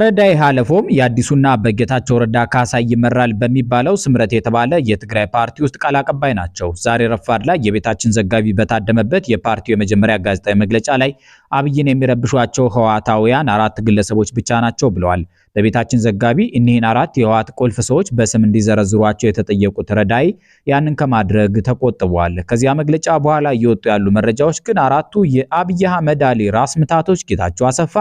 ረዳይ ሀለፎም የአዲሱና በጌታቸው ረዳ ካሳ ይመራል በሚባለው ስምረት የተባለ የትግራይ ፓርቲ ውስጥ ቃል አቀባይ ናቸው። ዛሬ ረፋድ ላይ የቤታችን ዘጋቢ በታደመበት የፓርቲው የመጀመሪያ ጋዜጣዊ መግለጫ ላይ አብይን የሚረብሿቸው ህዋታውያን አራት ግለሰቦች ብቻ ናቸው ብለዋል። በቤታችን ዘጋቢ እኒህን አራት የህወሓት ቁልፍ ሰዎች በስም እንዲዘረዝሯቸው የተጠየቁት ረዳይ ያንን ከማድረግ ተቆጥቧል። ከዚያ መግለጫ በኋላ እየወጡ ያሉ መረጃዎች ግን አራቱ የአብይ አህመድ አሊ ራስ ምታቶች ጌታቸው አሰፋ፣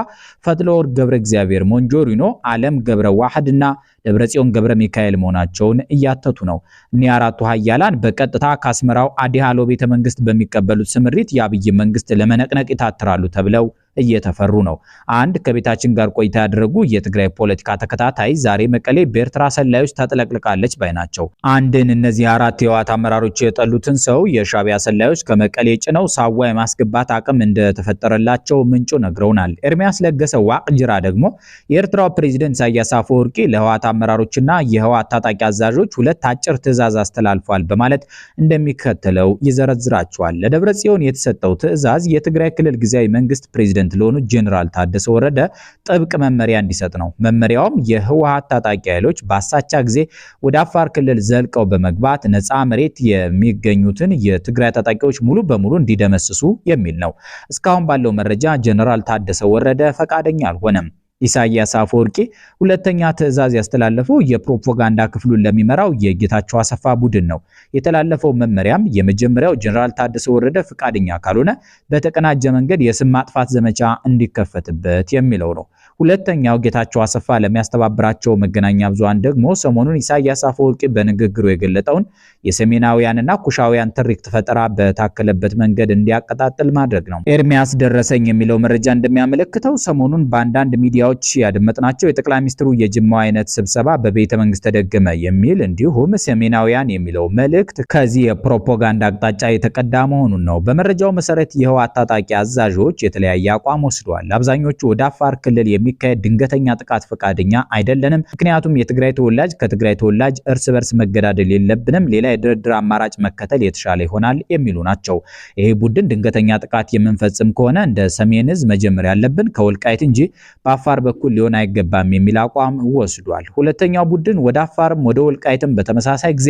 ፈትለወርቅ ገብረ እግዚአብሔር ሞንጆሪኖ፣ አለም ገብረ ዋህድና ደብረጽዮን ገብረ ሚካኤል መሆናቸውን እያተቱ ነው። እኒህ አራቱ ሀያላን በቀጥታ ከአስመራው አዲሃሎ ቤተመንግስት በሚቀበሉት ስምሪት የአብይ መንግስት ለመነቅነቅ ይታትራሉ ተብለው እየተፈሩ ነው። አንድ ከቤታችን ጋር ቆይታ ያደረጉ የትግራይ ፖለቲካ ተከታታይ ዛሬ መቀሌ በኤርትራ ሰላዮች ተጥለቅልቃለች ባይ ናቸው። አንድን እነዚህ አራት የህወሓት አመራሮች የጠሉትን ሰው የሻቢያ ሰላዮች ከመቀሌ ጭነው ሳዋ የማስገባት አቅም እንደተፈጠረላቸው ምንጩ ነግረውናል። ኤርሚያስ ለገሰ ዋቅጅራ ደግሞ የኤርትራው ፕሬዚደንት ኢሳያስ አፈወርቂ ለህወሓት አመራሮችና የህወሓት ታጣቂ አዛዦች ሁለት አጭር ትዕዛዝ አስተላልፏል በማለት እንደሚከተለው ይዘረዝራቸዋል። ለደብረ ጽዮን የተሰጠው ትዕዛዝ የትግራይ ክልል ጊዜያዊ መንግስት ፕሬዚደንት ፕሬዚደንት ለሆኑ ጀኔራል ታደሰ ወረደ ጥብቅ መመሪያ እንዲሰጥ ነው። መመሪያውም የህወሓት ታጣቂ ኃይሎች በአሳቻ ጊዜ ወደ አፋር ክልል ዘልቀው በመግባት ነፃ መሬት የሚገኙትን የትግራይ ታጣቂዎች ሙሉ በሙሉ እንዲደመስሱ የሚል ነው። እስካሁን ባለው መረጃ ጀነራል ታደሰ ወረደ ፈቃደኛ አልሆነም። ኢሳያስ አፈወርቂ ሁለተኛ ትዕዛዝ ያስተላለፈው የፕሮፓጋንዳ ክፍሉን ለሚመራው የጌታቸው አሰፋ ቡድን ነው። የተላለፈው መመሪያም የመጀመሪያው ጀኔራል ታደሰ ወረደ ፍቃደኛ ካልሆነ በተቀናጀ መንገድ የስም ማጥፋት ዘመቻ እንዲከፈትበት የሚለው ነው። ሁለተኛው ጌታቸው አሰፋ ለሚያስተባብራቸው መገናኛ ብዙሃን ደግሞ ሰሞኑን ኢሳያስ አፈወርቂ በንግግሩ የገለጠውን የሰሜናውያንና ኩሻውያን ትርክት ፈጠራ በታከለበት መንገድ እንዲያቀጣጥል ማድረግ ነው። ኤርሚያስ ደረሰኝ የሚለው መረጃ እንደሚያመለክተው ሰሞኑን በአንዳንድ ሚዲያዎች ያደመጥናቸው የጠቅላይ ሚኒስትሩ የጅማው አይነት ስብሰባ በቤተ መንግስት ተደገመ የሚል እንዲሁም ሰሜናውያን የሚለው መልእክት ከዚህ የፕሮፓጋንዳ አቅጣጫ የተቀዳ መሆኑን ነው። በመረጃው መሰረት የህወሓት ታጣቂ አዛዦች የተለያየ አቋም ወስደዋል። አብዛኞቹ ወደ አፋር ክልል የሚ ለሚካሄድ ድንገተኛ ጥቃት ፈቃደኛ አይደለንም። ምክንያቱም የትግራይ ተወላጅ ከትግራይ ተወላጅ እርስ በርስ መገዳደል የለብንም፣ ሌላ የድርድር አማራጭ መከተል የተሻለ ይሆናል የሚሉ ናቸው። ይሄ ቡድን ድንገተኛ ጥቃት የምንፈጽም ከሆነ እንደ ሰሜን እዝ መጀመር ያለብን ከወልቃይት እንጂ በአፋር በኩል ሊሆን አይገባም የሚል አቋም ወስዷል። ሁለተኛው ቡድን ወደ አፋርም ወደ ወልቃይትም በተመሳሳይ ጊዜ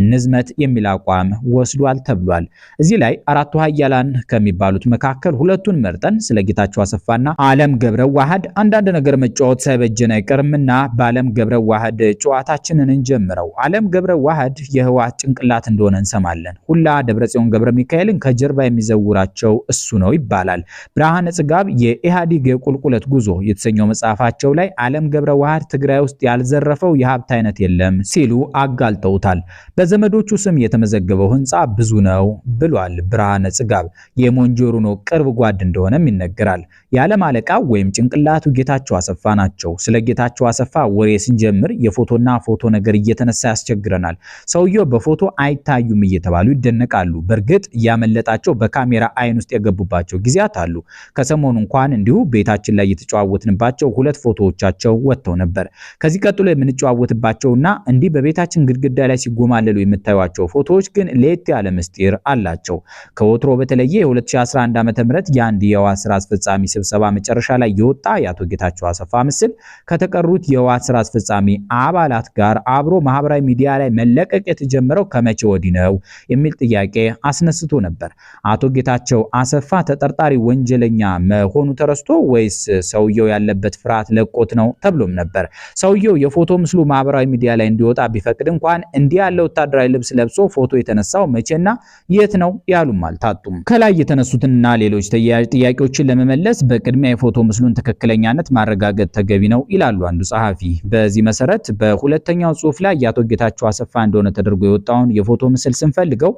እንዝመት የሚል አቋም ወስዷል ተብሏል። እዚህ ላይ አራቱ ሀያላን ከሚባሉት መካከል ሁለቱን መርጠን ስለ ጌታቸው አሰፋና አለም ገብረ ዋህድ አንዳንድ አንዳንድ ነገር መጫወት ሳይበጀን አይቀርምና በአለም ገብረ ዋህድ ጨዋታችንን እንጀምረው። አለም ገብረ ዋህድ የህወሓት ጭንቅላት እንደሆነ እንሰማለን። ሁላ ደብረጽዮን ገብረ ሚካኤልን ከጀርባ የሚዘውራቸው እሱ ነው ይባላል። ብርሃነ ጽጋብ የኢህአዴግ የቁልቁለት ጉዞ የተሰኘው መጽሐፋቸው ላይ አለም ገብረ ዋህድ ትግራይ ውስጥ ያልዘረፈው የሀብት አይነት የለም ሲሉ አጋልጠውታል። በዘመዶቹ ስም የተመዘገበው ህንፃ ብዙ ነው ብሏል ብርሃነ ጽጋብ። የሞንጆሪኖ ቅርብ ጓድ እንደሆነም ይነገራል። የዓለም አለቃ ወይም ጭንቅላቱ ጌታቸው አሰፋ ናቸው። ስለ ጌታቸው አሰፋ ወሬ ስንጀምር የፎቶና ፎቶ ነገር እየተነሳ ያስቸግረናል። ሰውየው በፎቶ አይታዩም እየተባሉ ይደነቃሉ። በእርግጥ እያመለጣቸው በካሜራ አይን ውስጥ የገቡባቸው ጊዜያት አሉ። ከሰሞኑ እንኳን እንዲሁ ቤታችን ላይ የተጨዋወትንባቸው ሁለት ፎቶዎቻቸው ወጥተው ነበር። ከዚህ ቀጥሎ የምንጨዋወትባቸውና እንዲህ በቤታችን ግድግዳ ላይ ሲጎማለሉ የምታዩቸው ፎቶዎች ግን ለየት ያለ ምስጢር አላቸው። ከወትሮ በተለየ የ2011 ዓ.ም የአንድ የህወሓት ስራ አስፈጻሚ ስብሰባ መጨረሻ ላይ የወጣ የአቶ ጌታቸው አሰፋ ምስል ከተቀሩት የህወሓት ስራ አስፈጻሚ አባላት ጋር አብሮ ማህበራዊ ሚዲያ ላይ መለቀቅ የተጀመረው ከመቼ ወዲህ ነው የሚል ጥያቄ አስነስቶ ነበር። አቶ ጌታቸው አሰፋ ተጠርጣሪ ወንጀለኛ መሆኑ ተረስቶ ወይስ ሰውየው ያለበት ፍርሃት ለቆት ነው ተብሎም ነበር። ሰውየው የፎቶ ምስሉ ማህበራዊ ሚዲያ ላይ እንዲወጣ ቢፈቅድ እንኳን እንዲህ ያለ ወታደራዊ ልብስ ለብሶ ፎቶ የተነሳው መቼና የት ነው ያሉም አልታጡም። ከላይ የተነሱትና ሌሎች ተያያዥ ጥያቄዎችን ለመመለስ በቅድሚያ የፎቶ ምስሉን ትክክለኛነት ነጻነት ማረጋገጥ ተገቢ ነው ይላሉ አንዱ ጸሐፊ። በዚህ መሰረት በሁለተኛው ጽሁፍ ላይ የአቶ ጌታቸው አሰፋ እንደሆነ ተደርጎ የወጣውን የፎቶ ምስል ስንፈልገው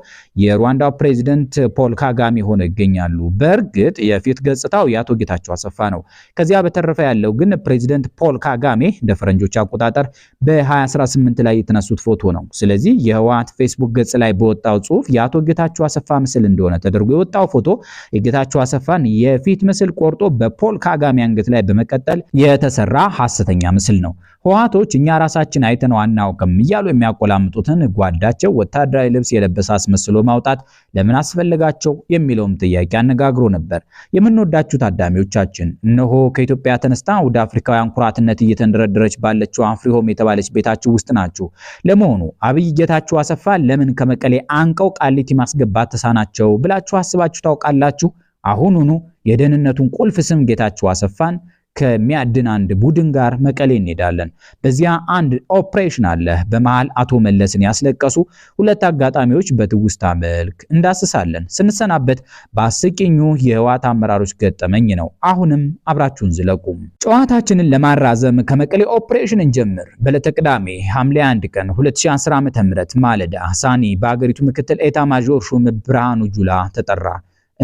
የሩዋንዳው ፕሬዚደንት ፖል ካጋሜ ሆነው ይገኛሉ። በእርግጥ የፊት ገጽታው የአቶ ጌታቸው አሰፋ ነው። ከዚያ በተረፈ ያለው ግን ፕሬዚደንት ፖል ካጋሜ እንደ ፈረንጆች አቆጣጠር በ2018 ላይ የተነሱት ፎቶ ነው። ስለዚህ የህወሓት ፌስቡክ ገጽ ላይ በወጣው ጽሁፍ የአቶ ጌታቸው አሰፋ ምስል እንደሆነ ተደርጎ የወጣው ፎቶ የጌታቸው አሰፋን የፊት ምስል ቆርጦ በፖል ካጋሜ አንገት ላይ በመቀ እንዲቀጠል የተሰራ ሐሰተኛ ምስል ነው። ህወሓቶች እኛ ራሳችን አይተነው አናውቅም እያሉ የሚያቆላምጡትን ጓዳቸው ወታደራዊ ልብስ የለበሰ አስመስሎ ማውጣት ለምን አስፈልጋቸው የሚለውም ጥያቄ አነጋግሮ ነበር። የምንወዳችሁ ታዳሚዎቻችን፣ እነሆ ከኢትዮጵያ ተነስታ ወደ አፍሪካውያን ኩራትነት እየተንደረደረች ባለችው አፍሪሆም የተባለች ቤታችሁ ውስጥ ናችሁ። ለመሆኑ አብይ ጌታችሁ አሰፋ ለምን ከመቀሌ አንቀው ቃሊቲ ማስገባት ተሳናቸው ብላችሁ አስባችሁ ታውቃላችሁ? አሁኑኑ የደህንነቱን ቁልፍ ስም ጌታችሁ አሰፋን ከሚያድን አንድ ቡድን ጋር መቀሌ እንሄዳለን። በዚያ አንድ ኦፕሬሽን አለ። በመሃል አቶ መለስን ያስለቀሱ ሁለት አጋጣሚዎች በትውስታ መልክ እንዳስሳለን። ስንሰናበት በአስቂኙ የህወሓት አመራሮች ገጠመኝ ነው። አሁንም አብራችሁን ዝለቁም። ጨዋታችንን ለማራዘም ከመቀሌ ኦፕሬሽን እንጀምር። በዕለተ ቅዳሜ ሐምሌ 1 ቀን 2010 ዓ.ም ማለዳ ሳኒ በአገሪቱ ምክትል ኤታ ማዦር ሹም ብርሃኑ ጁላ ተጠራ።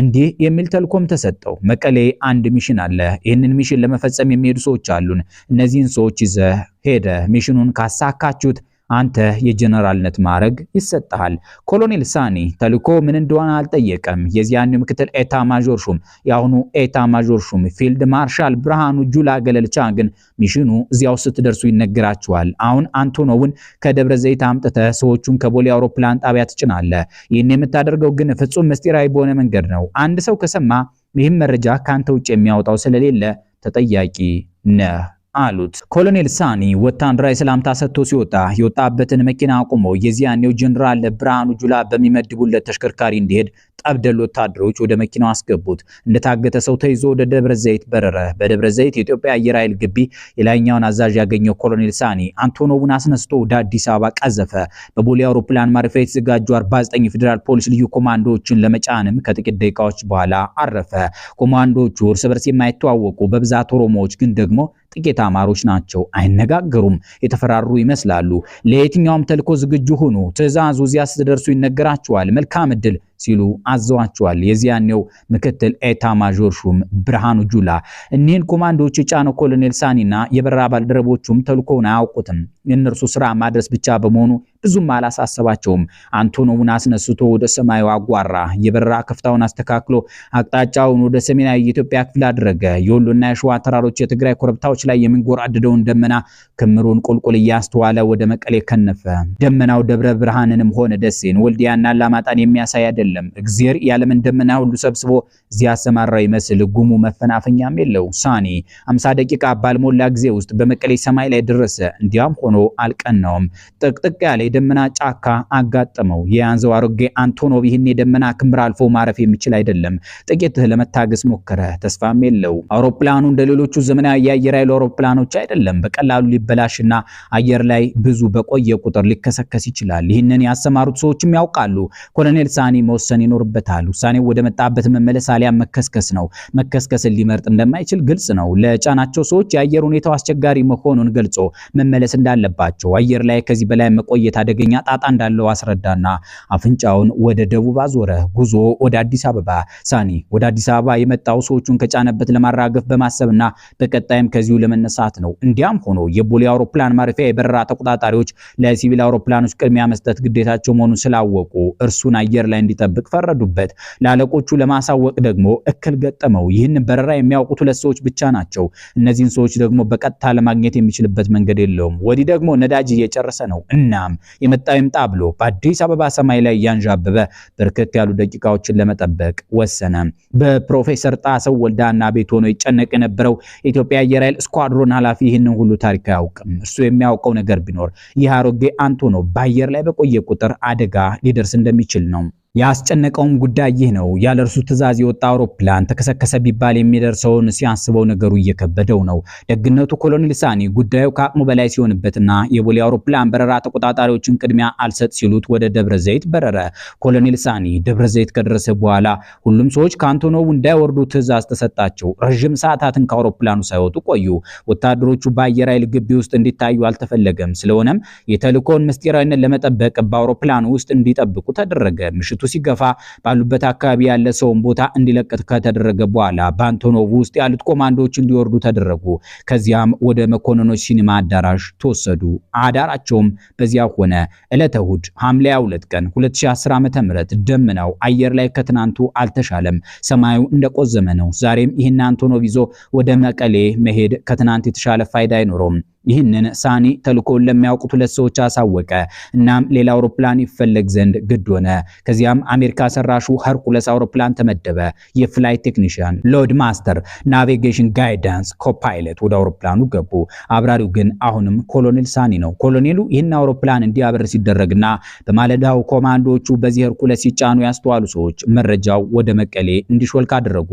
እንዲህ የሚል ተልኮም ተሰጠው። መቀሌ አንድ ሚሽን አለ። ይህንን ሚሽን ለመፈጸም የሚሄዱ ሰዎች አሉን። እነዚህን ሰዎች ይዘህ ሄደ ሚሽኑን ካሳካችሁት አንተ የጀነራልነት ማዕረግ ይሰጥሃል። ኮሎኔል ሳኒ ተልኮ ምን እንደሆነ አልጠየቀም። የዚያን ምክትል ኤታ ማዦር ሹም የአሁኑ ኤታ ማዦር ሹም ፊልድ ማርሻል ብርሃኑ ጁላ ገለልቻ ግን ሚሽኑ እዚያው ስትደርሱ ይነገራቸዋል አሁን አንቶኖውን ከደብረ ዘይት አምጥተ ሰዎቹን ከቦሌ አውሮፕላን ጣቢያ ትጭናለ። ይህን የምታደርገው ግን ፍጹም ምስጢራዊ በሆነ መንገድ ነው። አንድ ሰው ከሰማ ይህም መረጃ ከአንተ ውጭ የሚያወጣው ስለሌለ ተጠያቂ ነህ። አሉት። ኮሎኔል ሳኒ ወታደራዊ ሰላምታ ሰጥቶ ሲወጣ የወጣበትን መኪና አቁሞ የዚያኔው ጀኔራል ብርሃኑ ጁላ በሚመድቡለት ተሽከርካሪ እንዲሄድ ጠብደል ወታደሮች ወደ መኪናው አስገቡት። እንደታገተ ሰው ተይዞ ወደ ደብረ ዘይት በረረ። በደብረ ዘይት የኢትዮጵያ አየር ኃይል ግቢ የላይኛውን አዛዥ ያገኘው ኮሎኔል ሳኒ አንቶኖቡን አስነስቶ ወደ አዲስ አበባ ቀዘፈ። በቦሌ አውሮፕላን ማረፊያ የተዘጋጁ 49 ፌዴራል ፖሊስ ልዩ ኮማንዶዎችን ለመጫንም ከጥቂት ደቂቃዎች በኋላ አረፈ። ኮማንዶዎቹ እርስ በርስ የማይተዋወቁ በብዛት ኦሮሞዎች ግን ደግሞ ጥቂት አማሮች ናቸው። አይነጋገሩም፣ የተፈራሩ ይመስላሉ። ለየትኛውም ተልኮ ዝግጁ ሁኑ። ትዕዛዙ እዚያ ስትደርሱ ይነገራችኋል። መልካም እድል? ሲሉ አዘዋቸዋል። የዚያኔው ምክትል ኤታ ማዦር ሹም ብርሃኑ ጁላ እኒህን ኮማንዶዎች የጫነው ኮሎኔል ሳኒና የበረራ ባልደረቦቹም ተልኮውን አያውቁትም። የእነርሱ ስራ ማድረስ ብቻ በመሆኑ ብዙም አላሳሰባቸውም። አንቶኖቡን አስነስቶ ወደ ሰማዩ አጓራ። የበረራ ከፍታውን አስተካክሎ አቅጣጫውን ወደ ሰሜናዊ የኢትዮጵያ ክፍል አደረገ። የወሎና የሸዋ ተራሮች፣ የትግራይ ኮረብታዎች ላይ የሚንጎራደደውን ደመና ክምሩን ቁልቁል እያስተዋለ ወደ መቀሌ ከነፈ። ደመናው ደብረ ብርሃንንም ሆነ ደሴን ወልዲያና አላማጣን የሚያሳይ አይደለም። እግዚአብሔር የዓለምን ደመና ሁሉ ሰብስቦ እዚያ ያሰማራው ይመስል ጉሙ መፈናፈኛም የለው። ሳኒ 50 ደቂቃ ባልሞላ ጊዜ ውስጥ በመቀሌ ሰማይ ላይ ደረሰ። እንዲያም ሆኖ አልቀናውም። ጥቅጥቅ ያለ የደመና ጫካ አጋጠመው። የያዘው አሮጌ አንቶኖቭ ይህን የደመና ክምር አልፎ ማረፍ የሚችል አይደለም። ጥቂት ለመታገስ ሞከረ። ተስፋም የለው። አውሮፕላኑ እንደሌሎቹ ዘመናዊ የአየር ኃይል አውሮፕላኖች አይደለም። በቀላሉ ሊበላሽና አየር ላይ ብዙ በቆየ ቁጥር ሊከሰከስ ይችላል። ይህንን ያሰማሩት ሰዎችም ያውቃሉ። ኮሎኔል ሳኒ መወሰን ይኖርበታል። ውሳኔው ወደ መጣበት መመለስ አሊያ መከስከስ ነው። መከስከስን ሊመርጥ እንደማይችል ግልጽ ነው። ለጫናቸው ሰዎች የአየር ሁኔታው አስቸጋሪ መሆኑን ገልጾ መመለስ እንዳለባቸው፣ አየር ላይ ከዚህ በላይ መቆየት አደገኛ ጣጣ እንዳለው አስረዳና አፍንጫውን ወደ ደቡብ አዞረ። ጉዞ ወደ አዲስ አበባ። ሳኒ ወደ አዲስ አበባ የመጣው ሰዎቹን ከጫነበት ለማራገፍ በማሰብና በቀጣይም ከዚሁ ለመነሳት ነው። እንዲያም ሆኖ የቦ ኢስታንቡል የአውሮፕላን ማረፊያ የበረራ ተቆጣጣሪዎች ለሲቪል አውሮፕላኖች ቅድሚያ መስጠት ግዴታቸው መሆኑን ስላወቁ እርሱን አየር ላይ እንዲጠብቅ ፈረዱበት። ለአለቆቹ ለማሳወቅ ደግሞ እክል ገጠመው። ይህን በረራ የሚያውቁት ሁለት ሰዎች ብቻ ናቸው። እነዚህን ሰዎች ደግሞ በቀጥታ ለማግኘት የሚችልበት መንገድ የለውም። ወዲህ ደግሞ ነዳጅ እየጨረሰ ነው። እናም የመጣው ይምጣ ብሎ በአዲስ አበባ ሰማይ ላይ እያንዣበበ በርከት ያሉ ደቂቃዎችን ለመጠበቅ ወሰነ። በፕሮፌሰር ጣሰው ወልዳና ቤት ሆኖ ይጨነቅ የነበረው የኢትዮጵያ አየር ኃይል ስኳድሮን ኃላፊ ይህንን ሁሉ ታሪክ አያውቅም። እሱ የሚያውቀው ነገር ቢኖር ይህ አሮጌ አንቶኖቭ በአየር ላይ በቆየ ቁጥር አደጋ ሊደርስ እንደሚችል ነው። ያስጨነቀውም ጉዳይ ይህ ነው። ያለ እርሱ ትዕዛዝ የወጣ አውሮፕላን ተከሰከሰ ቢባል የሚደርሰውን ሲያስበው ነገሩ እየከበደው ነው። ደግነቱ ኮሎኔል ሳኒ ጉዳዩ ከአቅሙ በላይ ሲሆንበትና የቦሌ አውሮፕላን በረራ ተቆጣጣሪዎችን ቅድሚያ አልሰጥ ሲሉት ወደ ደብረ ዘይት በረረ። ኮሎኔል ሳኒ ደብረ ዘይት ከደረሰ በኋላ ሁሉም ሰዎች ከአንቶኖቭ እንዳይወርዱ ትዕዛዝ ተሰጣቸው። ረዥም ሰዓታትን ከአውሮፕላኑ ሳይወጡ ቆዩ። ወታደሮቹ በአየር ኃይል ግቢ ውስጥ እንዲታዩ አልተፈለገም። ስለሆነም የተልእኮውን ምስጢራዊነት ለመጠበቅ በአውሮፕላኑ ውስጥ እንዲጠብቁ ተደረገ። ምሽቱ ግጭቱ ሲገፋ ባሉበት አካባቢ ያለ ሰውን ቦታ እንዲለቀት ከተደረገ በኋላ በአንቶኖቭ ውስጥ ያሉት ኮማንዶዎች እንዲወርዱ ተደረጉ። ከዚያም ወደ መኮንኖች ሲኒማ አዳራሽ ተወሰዱ። አዳራቸውም በዚያ ሆነ። ዕለተ እሁድ ሐምሌ 2 ቀን 2010 ዓ.ም ደመናው አየር ላይ ከትናንቱ አልተሻለም። ሰማዩ እንደቆዘመ ነው። ዛሬም ይህን አንቶኖቭ ይዞ ወደ መቀሌ መሄድ ከትናንት የተሻለ ፋይዳ አይኖረውም። ይህንን ሳኒ ተልኮውን ለሚያውቁት ሁለት ሰዎች አሳወቀ። እናም ሌላ አውሮፕላን ይፈለግ ዘንድ ግድ ሆነ። ከዚያም አሜሪካ ሰራሹ ሀርኩለስ አውሮፕላን ተመደበ። የፍላይት ቴክኒሽያን፣ ሎድ ማስተር፣ ናቪጌሽን ጋይዳንስ፣ ኮፓይለት ወደ አውሮፕላኑ ገቡ። አብራሪው ግን አሁንም ኮሎኔል ሳኒ ነው። ኮሎኔሉ ይህን አውሮፕላን እንዲያበር ሲደረግና በማለዳው ኮማንዶዎቹ በዚህ ሀርኩለስ ሲጫኑ ያስተዋሉ ሰዎች መረጃው ወደ መቀሌ እንዲሾልክ አደረጉ።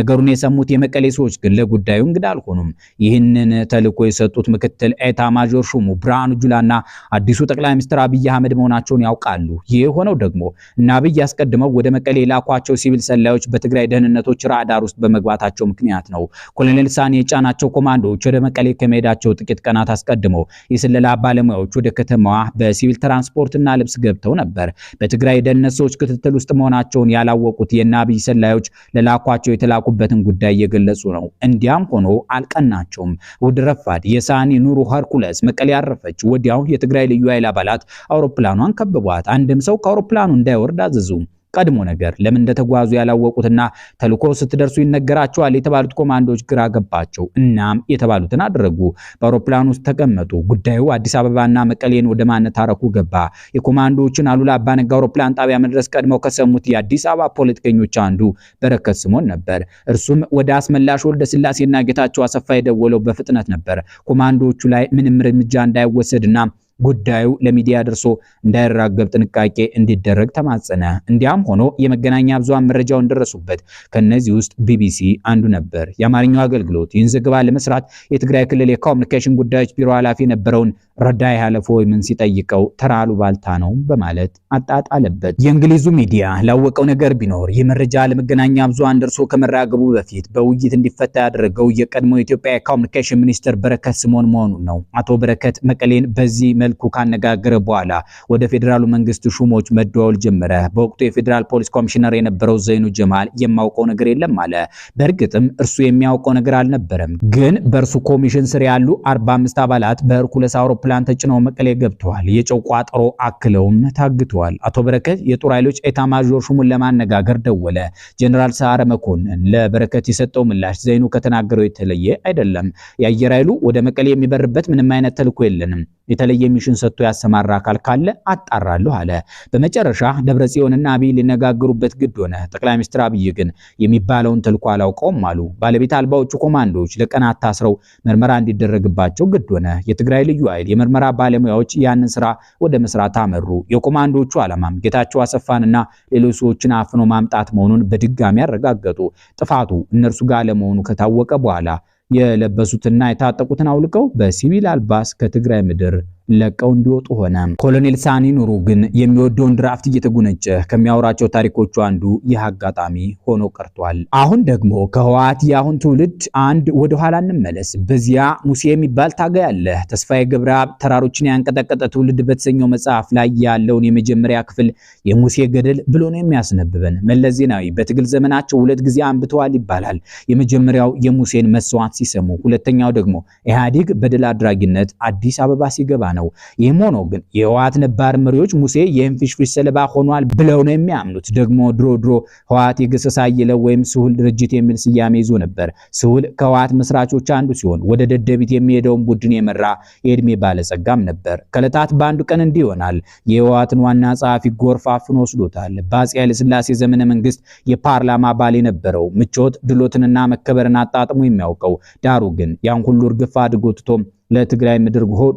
ነገሩን የሰሙት የመቀሌ ሰዎች ግን ለጉዳዩ እንግዳ አልሆኑም። ይህንን ተልኮ የሰጡት ምክትል ምክትል ኤታ ማጆር ሹሙ ብርሃኑ ጁላና አዲሱ ጠቅላይ ሚኒስትር አብይ አህመድ መሆናቸውን ያውቃሉ። ይህ የሆነው ደግሞ እነ አብይ አስቀድመው ወደ መቀሌ የላኳቸው ሲቪል ሰላዮች በትግራይ ደህንነቶች ራዳር ውስጥ በመግባታቸው ምክንያት ነው። ኮሎኔል ሳኒ የጫናቸው ኮማንዶዎች ወደ መቀሌ ከመሄዳቸው ጥቂት ቀናት አስቀድመው የስለላ ባለሙያዎች ወደ ከተማዋ በሲቪል ትራንስፖርትና ልብስ ገብተው ነበር። በትግራይ የደህንነት ሰዎች ክትትል ውስጥ መሆናቸውን ያላወቁት የእነ አብይ ሰላዮች ለላኳቸው የተላኩበትን ጉዳይ እየገለጹ ነው። እንዲያም ሆኖ አልቀናቸውም። ውድ ረፋድ የሳኒ ኑሩ ሀርኩለስ መቀሌ አረፈች። ወዲያው የትግራይ ልዩ ኃይል አባላት አውሮፕላኗን ከበቧት። አንድም ሰው ከአውሮፕላኑ እንዳይወርድ አዘዙ። ቀድሞ ነገር ለምን እንደተጓዙ ያላወቁትና ተልኮ ስትደርሱ ይነገራቸዋል የተባሉት ኮማንዶዎች ግራ ገባቸው። እናም የተባሉትን አደረጉ። በአውሮፕላን ውስጥ ተቀመጡ። ጉዳዩ አዲስ አበባና መቀሌን ወደ ማነታረኩ ገባ። የኮማንዶዎችን አሉላ አባነጋ አውሮፕላን ጣቢያ መድረስ ቀድመው ከሰሙት የአዲስ አበባ ፖለቲከኞች አንዱ በረከት ስምኦን ነበር። እርሱም ወደ አስመላሽ ወልደ ስላሴና ጌታቸው አሰፋ የደወለው በፍጥነት ነበር። ኮማንዶዎቹ ላይ ምንም እርምጃ እንዳይወሰድና ጉዳዩ ለሚዲያ ደርሶ እንዳይራገብ ጥንቃቄ እንዲደረግ ተማጸነ። እንዲያም ሆኖ የመገናኛ ብዙሃን መረጃውን ደረሱበት። ከነዚህ ውስጥ ቢቢሲ አንዱ ነበር። የአማርኛው አገልግሎት ይህን ዘገባ ለመስራት የትግራይ ክልል የኮሚኒኬሽን ጉዳዮች ቢሮ ኃላፊ የነበረውን ረዳ ሀለፎይ ምን ሲጠይቀው ተራሉ ባልታ ነው በማለት አጣጣለበት። የእንግሊዙ ሚዲያ ላወቀው ነገር ቢኖር የመረጃ መረጃ ለመገናኛ ብዙሃን ደርሶ ከመራገቡ በፊት በውይይት እንዲፈታ ያደረገው የቀድሞ የኢትዮጵያ የኮሚኒኬሽን ሚኒስትር በረከት ስምኦን መሆኑን ነው። አቶ በረከት መቀሌን በዚህ መልኩ ካነጋገረ በኋላ ወደ ፌዴራሉ መንግስት ሹሞች መደዋወል ጀመረ። በወቅቱ የፌዴራል ፖሊስ ኮሚሽነር የነበረው ዘይኑ ጀማል የማውቀው ነገር የለም አለ። በእርግጥም እርሱ የሚያውቀው ነገር አልነበረም። ግን በእርሱ ኮሚሽን ስር ያሉ 45 አባላት በሄርኩለስ አውሮፕላን አውሮፕላን ተጭነው መቀሌ ገብተዋል። የጨው ቋጠሮ አክለውም ታግተዋል። አቶ በረከት የጦር ኃይሎች ኤታ ማዦር ሹሙን ለማነጋገር ደወለ። ጀነራል ሰዓረ መኮንን ለበረከት የሰጠው ምላሽ ዘይኑ ከተናገረው የተለየ አይደለም። የአየር ኃይሉ ወደ መቀሌ የሚበርበት ምንም አይነት ተልኮ የለንም። የተለየ ሚሽን ሰጥቶ ያሰማራ አካል ካለ አጣራለሁ አለ። በመጨረሻ ደብረ ጽዮንና አብይ ሊነጋገሩበት ግድ ሆነ። ጠቅላይ ሚኒስትር አብይ ግን የሚባለውን ተልኮ አላውቀውም አሉ። ባለቤት አልባዎቹ ኮማንዶዎች ለቀናት ታስረው ምርመራ እንዲደረግባቸው ግድ ሆነ። የትግራይ ልዩ ኃይል የምርመራ ባለሙያዎች ያንን ስራ ወደ መስራት አመሩ። የኮማንዶቹ ዓላማም ጌታቸው አሰፋንና ሌሎች ሰዎችን አፍኖ ማምጣት መሆኑን በድጋሚ አረጋገጡ። ጥፋቱ እነርሱ ጋር ለመሆኑ ከታወቀ በኋላ የለበሱትና የታጠቁትን አውልቀው በሲቪል አልባስ ከትግራይ ምድር ለቀው እንዲወጡ ሆነ። ኮሎኔል ሳኒ ኑሩ ግን የሚወደውን ድራፍት እየተጎነጨ ከሚያወራቸው ታሪኮቹ አንዱ ይህ አጋጣሚ ሆኖ ቀርቷል። አሁን ደግሞ ከህወሓት የአሁን ትውልድ አንድ ወደ ኋላ እንመለስ። በዚያ ሙሴ የሚባል ታጋይ አለ። ተስፋዬ ገብረአብ ተራሮችን ያንቀጠቀጠ ትውልድ በተሰኘው መጽሐፍ ላይ ያለውን የመጀመሪያ ክፍል የሙሴ ገደል ብሎ ነው የሚያስነብበን። መለስ ዜናዊ በትግል ዘመናቸው ሁለት ጊዜ አንብተዋል ይባላል። የመጀመሪያው የሙሴን መስዋዕት ሲሰሙ፣ ሁለተኛው ደግሞ ኢህአዴግ በድል አድራጊነት አዲስ አበባ ሲገባ ነው። ነው። ይህም ሆኖ ግን የህወሓት ነባር መሪዎች ሙሴ የእንፍሽፍሽ ሰለባ ሆኗል ብለው ነው የሚያምኑት። ደግሞ ድሮ ድሮ ህወሓት የገሰሳ አየለው ወይም ስሁል ድርጅት የሚል ስያሜ ይዞ ነበር። ስሁል ከህወሓት መስራቾች አንዱ ሲሆን ወደ ደደቢት የሚሄደውን ቡድን የመራ የእድሜ ባለጸጋም ነበር። ከለታት በአንዱ ቀን እንዲህ ይሆናል። የህወሓትን ዋና ጸሐፊ ጎርፍ አፍኖ ወስዶታል። በአፄ ኃይለሥላሴ ዘመነ መንግስት የፓርላማ አባል የነበረው ምቾት ድሎትንና መከበርን አጣጥሞ የሚያውቀው ዳሩ ግን ያን ሁሉ እርግፍ አድርጎ ትቶም ለትግራይ ምድር ሆድ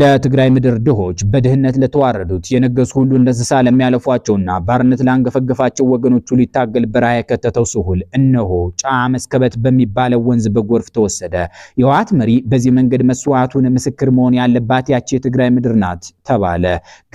ለትግራይ ምድር ድሆች፣ በድህነት ለተዋረዱት፣ የነገሱ ሁሉ እንደ እንስሳ ለሚያለፏቸውና ባርነት ላንገፈገፋቸው ወገኖቹ ሊታገል በረሃ የከተተው ስሁል እነሆ ጫ መስከበት በሚባለው ወንዝ በጎርፍ ተወሰደ። የህወሓት መሪ በዚህ መንገድ መስዋዕቱን ምስክር መሆን ያለባት ያቺ የትግራይ ምድር ናት ተባለ።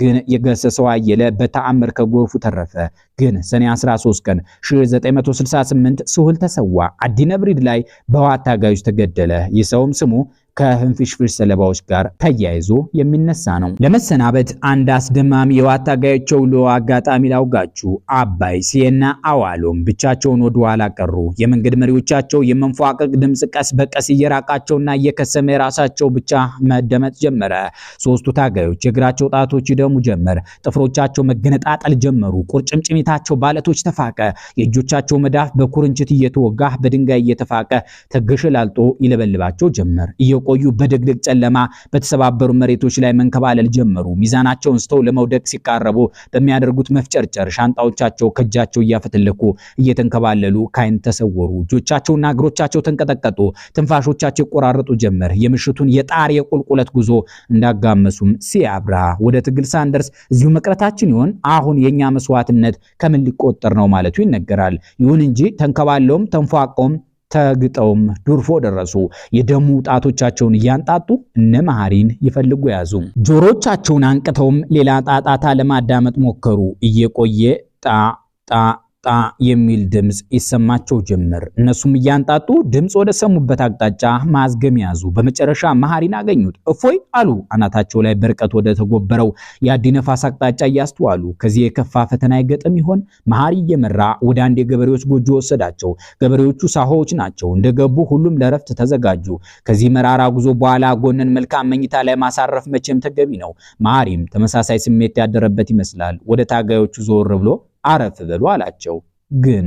ግን የገሰሰው አየለ በተአምር ከጎርፉ ተረፈ። ግን ሰኔ 13 ቀን 1968 ስሁል ተሰዋ። አዲነብሪድ ላይ በህወሓት ታጋዮች ተገደለ። ይህ ሰውም ስሙ ከህንፍሽፍሽ ሰለባዎች ጋር ተያይዞ የሚነሳ ነው። ለመሰናበት አንድ አስደማሚ የዋት ታጋዮቸው አጋጣሚ ላውጋችሁ። አባይ ሲየና አዋሎም ብቻቸውን ወደ ኋላ ቀሩ። የመንገድ መሪዎቻቸው የመንፏቀቅ ድምፅ ቀስ በቀስ እየራቃቸውና እየከሰመ የራሳቸው ብቻ መደመጥ ጀመረ። ሶስቱ ታጋዮች የእግራቸው ጣቶች ይደሙ ጀመር። ጥፍሮቻቸው መገነጣጠል ጀመሩ። ቁርጭምጭሚታቸው ባለቶች ተፋቀ። የእጆቻቸው መዳፍ በኩርንችት እየተወጋ በድንጋይ እየተፋቀ ተገሸላልጦ ይለበልባቸው ጀመር። የቆዩ በድቅድቅ ጨለማ በተሰባበሩ መሬቶች ላይ መንከባለል ጀመሩ። ሚዛናቸውን ስተው ለመውደቅ ሲቃረቡ በሚያደርጉት መፍጨርጨር ሻንጣዎቻቸው ከእጃቸው እያፈተለኩ እየተንከባለሉ ካይን ተሰወሩ። እጆቻቸውና እግሮቻቸው ተንቀጠቀጡ። ትንፋሾቻቸው ይቆራረጡ ጀመር። የምሽቱን የጣር የቁልቁለት ጉዞ እንዳጋመሱም ሲያብራ ወደ ትግል ሳንደርስ እዚሁ መቅረታችን ይሆን? አሁን የኛ መስዋዕትነት ከምን ሊቆጠር ነው ማለቱ ይነገራል። ይሁን እንጂ ተንከባለውም ተንፏቀውም ተግጠውም ዱርፎ ደረሱ። የደሙ ጣቶቻቸውን እያንጣጡ እነ መሐሪን ይፈልጉ ያዙ። ጆሮቻቸውን አንቅተውም ሌላ ጣጣታ ለማዳመጥ ሞከሩ። እየቆየ ጣ ጣ ጣ የሚል ድምፅ ይሰማቸው ጀመር። እነሱም እያንጣጡ ድምፅ ወደ ሰሙበት አቅጣጫ ማዝገም ያዙ። በመጨረሻ መሐሪን አገኙት። እፎይ አሉ። አናታቸው ላይ በርቀት ወደ ተጎበረው የአዲ ነፋስ አቅጣጫ እያስተዋሉ ከዚህ የከፋ ፈተና ይገጥም ይሆን? መሐሪ እየመራ ወደ አንድ የገበሬዎች ጎጆ ወሰዳቸው። ገበሬዎቹ ሳሆዎች ናቸው። እንደገቡ ሁሉም ለረፍት ተዘጋጁ። ከዚህ መራራ ጉዞ በኋላ ጎንን መልካም መኝታ ላይ ማሳረፍ መቼም ተገቢ ነው። መሐሪም ተመሳሳይ ስሜት ያደረበት ይመስላል። ወደ ታጋዮቹ ዞር ብሎ አረፍ በሉ አላቸው። ግን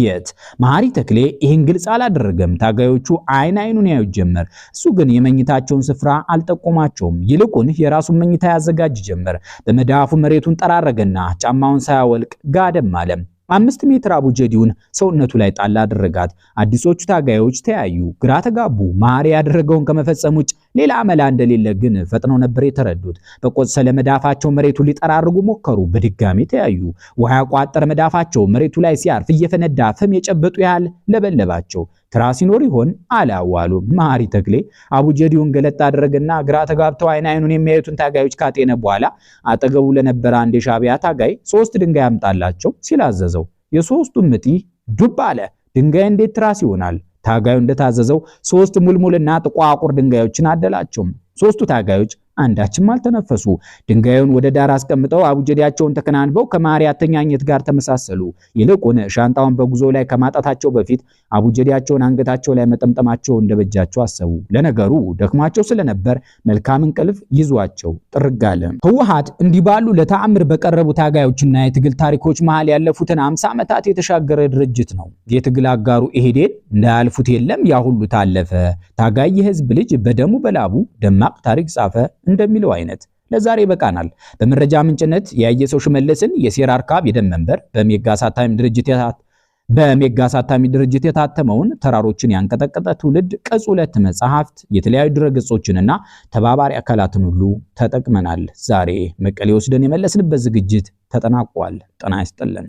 የት መሐሪ ተክሌ ይህን ግልጽ አላደረገም። ታጋዮቹ አይን አይኑን ያዩት ጀመር። እሱ ግን የመኝታቸውን ስፍራ አልጠቆማቸውም። ይልቁን የራሱን መኝታ ያዘጋጅ ጀመር። በመዳፉ መሬቱን ጠራረገና ጫማውን ሳያወልቅ ጋደም አለ። አምስት ሜትር አቡጀዲውን ሰውነቱ ላይ ጣል አደረጋት። አዲሶቹ ታጋዮች ተያዩ፣ ግራ ተጋቡ። መሐሪ ያደረገውን ከመፈጸም ውጭ ሌላ መላ እንደሌለ ግን ፈጥነው ነበር የተረዱት። በቆሰለ መዳፋቸው መሬቱ ሊጠራርጉ ሞከሩ። በድጋሚ ተያዩ። ውሃ ያቋጠር መዳፋቸው መሬቱ ላይ ሲያርፍ እየፈነዳ ፍም የጨበጡ ያህል ለበለባቸው። ትራ ሲኖር ይሆን አላዋሉ። መሐሪ ተክሌ አቡጀዲውን ገለጥ አደረገና ግራ ተጋብተው አይን አይኑን የሚያዩትን ታጋዮች ካጤነ በኋላ አጠገቡ ለነበረ አንድ የሻቢያ ታጋይ ሶስት ድንጋይ አምጣላቸው ሲል አዘዘው። የሶስቱም ምጢ ዱብ አለ። ድንጋይ እንዴት ትራስ ይሆናል? ታጋዩ እንደታዘዘው ሶስት ሙልሙልና ጥቋቁር ድንጋዮችን አደላቸው። ሶስቱ ታጋዮች አንዳችም አልተነፈሱ። ድንጋዩን ወደ ዳር አስቀምጠው አቡጀዲያቸውን ተከናንበው ከማሪያ አተኛኘት ጋር ተመሳሰሉ። ይልቁን ሻንጣውን በጉዞ ላይ ከማጣታቸው በፊት አቡጀዲያቸውን አንገታቸው ላይ መጠምጠማቸው እንደበጃቸው አሰቡ። ለነገሩ ደክሟቸው ስለነበር መልካም እንቅልፍ ይዟቸው ጥርጋለ። ህውሃት ህወሓት እንዲህ ባሉ ለተአምር በቀረቡ ታጋዮችና የትግል ታሪኮች መሃል ያለፉትን አምሳ ዓመታት የተሻገረ ድርጅት ነው። የትግል አጋሩ ኢህዴን እንዳያልፉት የለም ያሁሉ ታለፈ። ታጋይ የህዝብ ልጅ በደሙ በላቡ ደማቅ ታሪክ ጻፈ እንደሚለው አይነት ለዛሬ ይበቃናል። በመረጃ ምንጭነት ያየሰው ሽመልስን የሴራ አርካብ የደም መንበር በሜጋ አሳታሚ ድርጅት የታተመውን ተራሮችን ያንቀጠቀጠ ትውልድ ቅጽ ሁለት መጽሐፍት የተለያዩ ድረገጾችንና ተባባሪ አካላትን ሁሉ ተጠቅመናል። ዛሬ መቀሌ ወስደን የመለስንበት ዝግጅት ተጠናቋል። ጤና ይስጥልን።